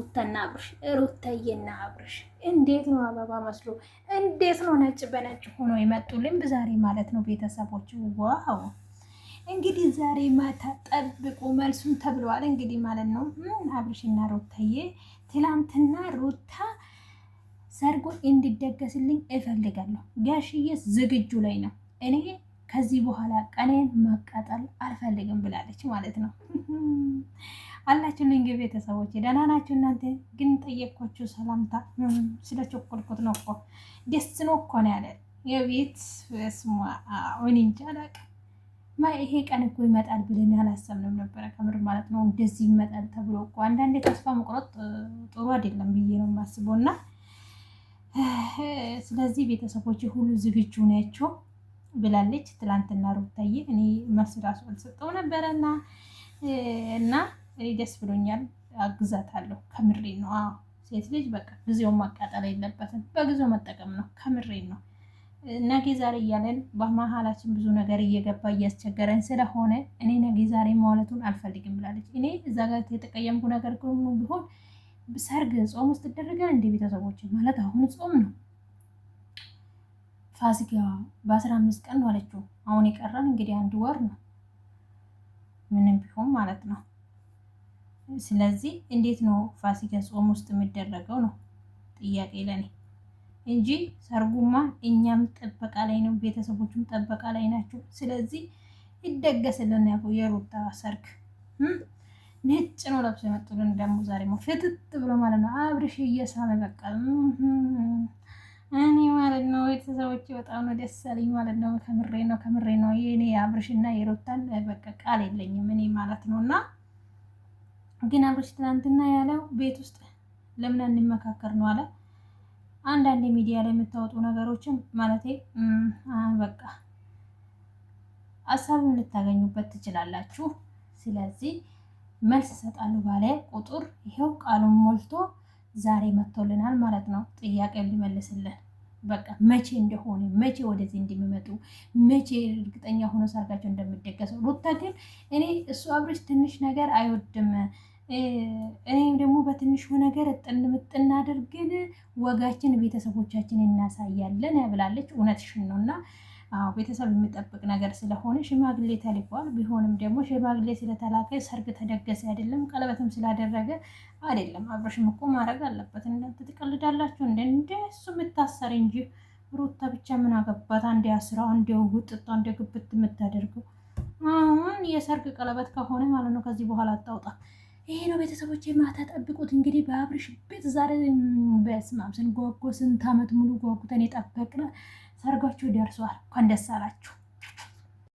ሩታና አብርሽ ሩታዬና አብርሽ እንዴት ነው አበባ መስሎ እንዴት ነው ነጭ በነጭ ሆኖ የመጡልን ዛሬ ማለት ነው ቤተሰቦች። ዋው እንግዲህ ዛሬ ማታ ጠብቁ መልሱም ተብለዋል። እንግዲህ ማለት ነው አብርሽና ሩታዬ ትላንትና ሩታ ሰርጎ እንዲደገስልኝ እፈልጋለሁ ጋሽዬ ዝግጁ ላይ ነው እኔ ከዚህ በኋላ ቀኔን መቀጠል አልፈልግም ብላለች ማለት ነው። አላችሁ ልንግ ቤተሰቦች ደህና ናችሁ? እናንተ ግን ጠየቅኳችሁ ሰላምታ ስለቸኮልኩት ነው እኮ ደስ ነው እኮ ነው ያለ የቤት ስማ ወይንጃ ማ ይሄ ቀን እኮ ይመጣል ብለን አላሰብንም ነበረ። ከምር ማለት ነው እንደዚህ ይመጣል ተብሎ እኮ አንዳንዴ ተስፋ መቁረጥ ጥሩ አይደለም ብዬ ነው የማስበው እና ስለዚህ ቤተሰቦች ሁሉ ዝግጁ ናቸው። ብላለች። ትላንትና ሩታዬ እኔ መልስ ራሱ አልሰጠው ነበረና እና እኔ ደስ ብሎኛል። አግዛታለሁ ከምሬ ነው። አዎ ሴት ልጅ በቃ ጊዜውን ማቃጠል የለበትም። በጊዜው መጠቀም ነው። ከምሬ ነው። ነገ ዛሬ እያለን በመሀላችን ብዙ ነገር እየገባ እያስቸገረን ስለሆነ እኔ ነገ ዛሬ ማለቱን አልፈልግም ብላለች። እኔ እዛ ጋር የተቀየምኩ ነገር ቢሆን ሰርግ ጾም ውስጥ ይደረጋል እንደ ቤተሰቦች ማለት አሁን ጾም ነው ፋሲካ በአስራ አምስት ቀን ማለችው አሁን የቀረን እንግዲህ አንድ ወር ነው ምንም ቢሆን ማለት ነው። ስለዚህ እንዴት ነው ፋሲካ ጾም ውስጥ የሚደረገው ነው ጥያቄ ለኔ እንጂ ሰርጉማ እኛም ጥበቃ ላይ ነው፣ ቤተሰቦችም ጥበቃ ላይ ናቸው። ስለዚህ ይደገስልን ያለው የሩታ ሰርግ ነጭ ነው ለብሶ የመጡልን ደግሞ ዛሬ ፍትት ብሎ ማለት ነው አብርሽ እየሳመ በቃ እኔ ማለት ነው ቤተሰቦች በጣም ነው ደስ ያለኝ ማለት ነው። ከምሬ ነው ከምሬ ነው የኔ አብርሽና የሮታን በቃ ቃል የለኝም እኔ ማለት ነው። እና ግን አብርሽ ትናንትና ያለው ቤት ውስጥ ለምን እንመካከር ነው አለ። አንዳንድ ሚዲያ ላይ የምታወጡ ነገሮችን ማለት በቃ ሀሳብም ልታገኙበት ትችላላችሁ። ስለዚህ መልስ እሰጣለሁ ባለ ቁጥር ይሄው ቃሉን ሞልቶ ዛሬ መጥቶልናል ማለት ነው። ጥያቄ ሊመልስልን በቃ መቼ እንደሆነ መቼ ወደዚህ እንደሚመጡ መቼ እርግጠኛ ሆኖ ሰርጋቸው እንደሚደገሰው። ሩታ ግን እኔ እሱ አብርሽ ትንሽ ነገር አይወድም። እኔም ደግሞ በትንሹ ነገር እጥን ምጥን አድርገን ወጋችን ቤተሰቦቻችን እናሳያለን ብላለች። እውነትሽን ነው እና ቤተሰብ የሚጠብቅ ነገር ስለሆነ ሽማግሌ ተልኳል። ቢሆንም ደግሞ ሽማግሌ ስለተላከ ሰርግ ተደገሰ አይደለም፣ ቀለበትም ስላደረገ አይደለም። አብረሽም እኮ ማድረግ አለበት። እናንተ ትቀልዳላችሁ እንደ እንደ እሱ የምታሰር እንጂ ሩታ ብቻ ምን አገባት? አንድ አስራ አንድ ውጥጥ አንድ ግብት የምታደርገው አሁን የሰርግ ቀለበት ከሆነ ማለት ነው። ከዚህ በኋላ አታውጣ ይሄ ነው ቤተሰቦች፣ ማታ ጠብቁት። እንግዲህ በአብርሽ ቤት ዛሬ በስማም ስንጓጓ ስንት ዓመት ሙሉ ጓጉተን የጠበቅነ ሰርጋችሁ ደርሷል። እንኳን ደስ አላችሁ።